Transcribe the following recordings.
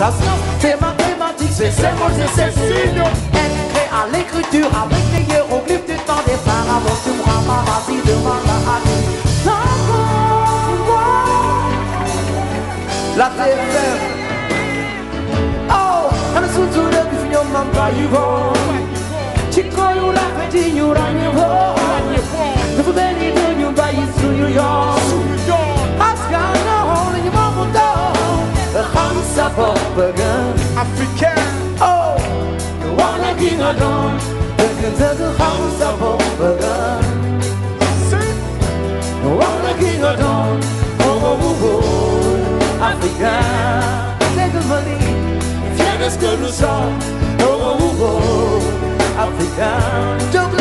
ça se Théma, thématique, c'est ces mots et ces signes Aide à l'écriture avec des hiéroglyphes Du temps des pharaons, tu me rends vas-y, demande à Ali La TFM Oh, and it's so to the vision of my Chico, you like it, you like it, pagan Africa Oh The one I king of dawn The Kentucky house of pagan See The one I king of dawn Oh, oh, oh, oh Africa Take the money Tienes que luchar Oh, oh, oh, oh Africa Juggle,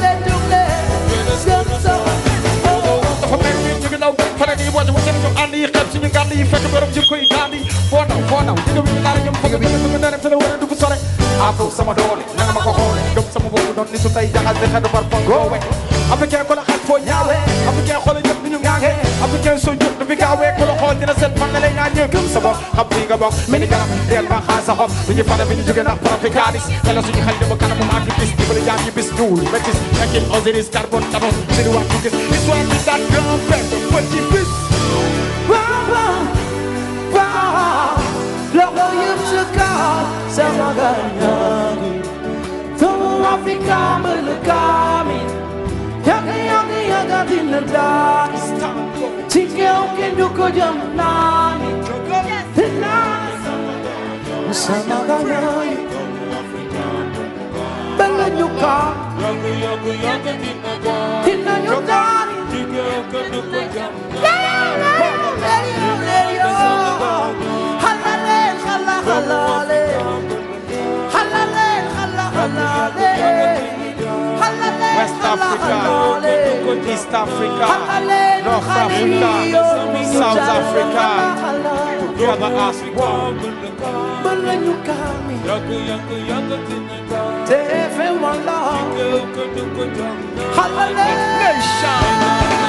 juggle, juggle pare nii boo ci wacce ñu ànd yi xel suñu gànd yi fekk borom jur koy yi foo naw foo naw digga bi ñu daara jëm fëgg bi ñu bëgg na dem te la war a dugg sore aatow sama doole nanga ma ko xoole gëm sama ni su tey jaxal te xedu bar fon africain ko la xaj foo ñaawe africain xoola ñëpp ñu ngaange africain soo jóg du fi gaawee ku la xool dina seet fan la lay naa ñëw gëm sa bopp xam fii nga bokk mel ni garab deel ba xaa sa xob du ñu fara bi ñu jóge ndax paraficaris xela suñu xel dama kanam moom activiste di bala jaam yi bis duul métis ekil osiris carbone tabon suñu wax ñu gis histoire bi daat grand père de petit bis Papa, papa, logo yëpp sa kaar sama gànnaar Doomu Afrika mën not in the dark. Chinge uke nduko jamnani. Tena msamagana. Bella nyuka. Tina nyuka. Chinge uke nduko jamnani. West Africa, East Africa, North Africa, South Africa, together as we come. Everyone, Lord. Hallelujah.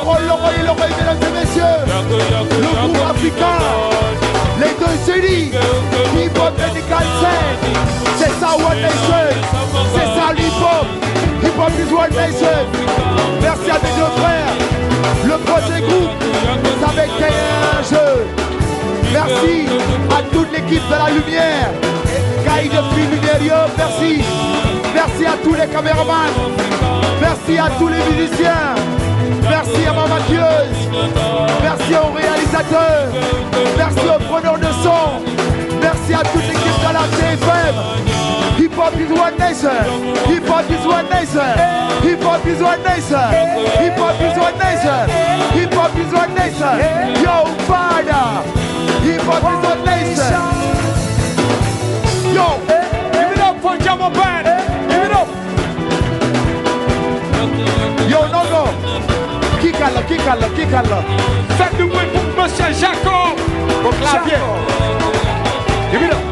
parole, l'oreille, l'oreille, mesdames et messieurs. Le groupe africain, les deux séries, hip hop et C'est ça One Nation, c'est ça l'hip hop. Hip hop is Merci à mes deux Le projet groupe, ça va être Merci à toute l'équipe de la lumière. Caïd Lumiérieux, merci. Merci à tous les caméramans. Merci à tous les musiciens. Merci à ma maquilleuse. Merci au réalisateur. Merci au preneur de son. Merci à toute l'équipe de la TFM. Hip Hop is One Nation. Hip Hop is One Nation. Hip Hop is One Nation. Hip Hop is One Nation. Hip Hop is One Nation. Yo, Bada. Hip Hop is One Nation. Yo, give it up for Jamal Band. Give it up. Yo, no, no. Kikala, Kikala, Kikala. Faites du bruit pour Monsieur Jacob. Au clavier. Jacob. Give it up.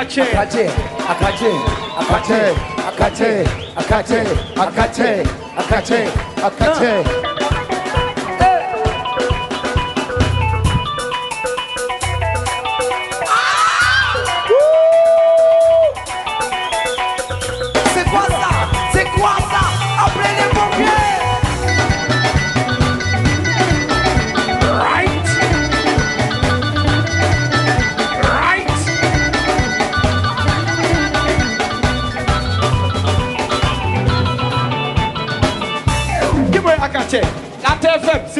akate akate akate akate akate akate akate akate akate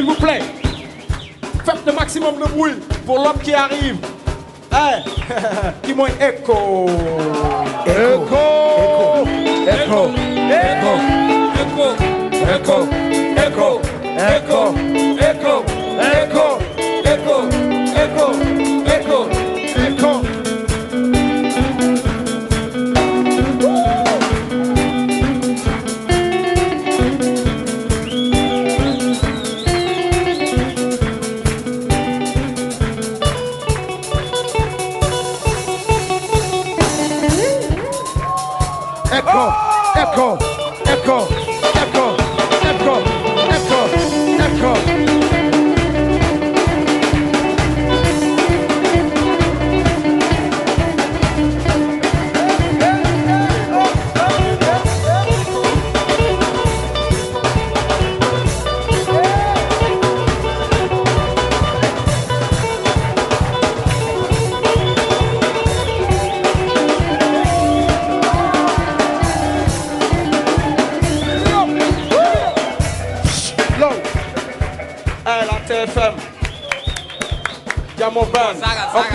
s'il vous plaît. Faites le maximum de bruit pour l'homme qui arrive. Hein? Eh, qui mooy écho. Écho. Écho. Écho. Écho. Écho. Écho. Écho. BFM. Diamoban. Ok.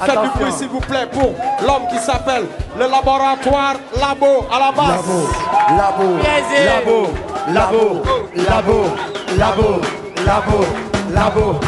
Faites du bruit s'il vous plaît pour l'homme qui s'appelle le laboratoire Labo à la base. Labo. Labo.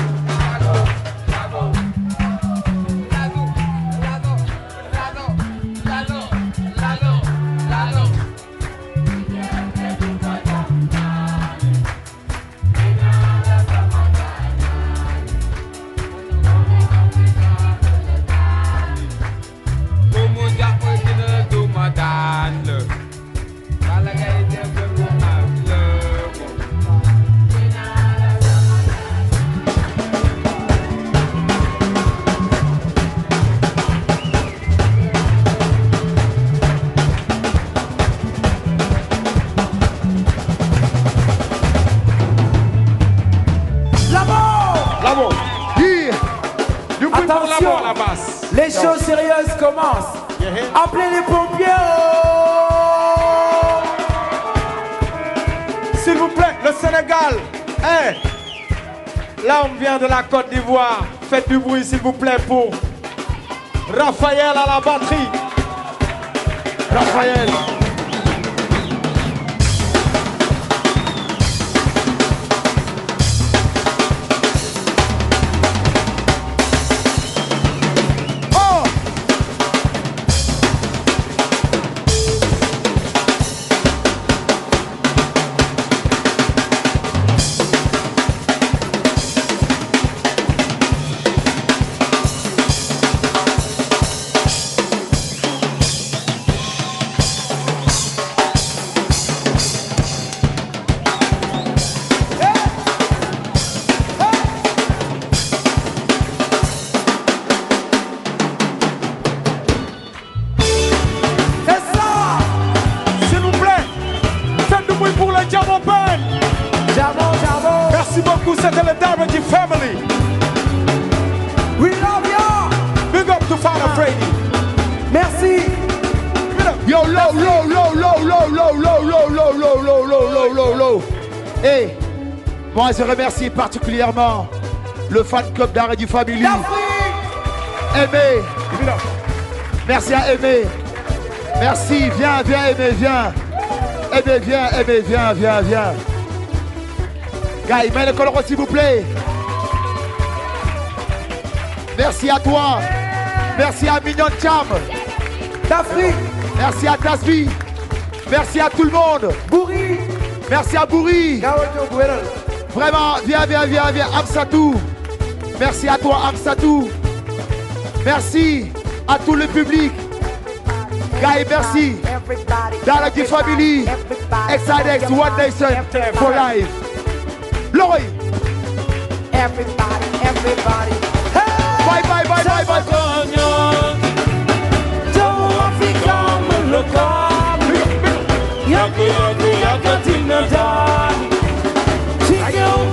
la basse. Les choses sérieuses commencent. Appelez les pompiers. Oh S'il vous plaît, le Sénégal. Hey. Là, on vient de la Côte d'Ivoire. Faites du bruit, s'il vous plaît, pour Raphaël à la batterie. Raphaël. Et moi, je remercie particulièrement le fan club d'Arrêt du Family. Merci à Aimé. Merci, viens, viens, Aimé, viens. Aimé, viens, viens, viens, viens. Gaï, mets le vous plaît. Merci à toi. Merci à Mignon Cham. Tafri. Merci à Tasby. Merci à tout le monde. Bourri. Merci à Bouri. Vraiment, viens, viens, viens, viens. Absatou. Merci à toi, Absatou. Merci à tout le public. Guy, merci. Dalaki Family. Ex-Adex, One Nation for Life. Lori. Everybody, everybody. Hey! Bye, bye, bye, bye, bye. done. She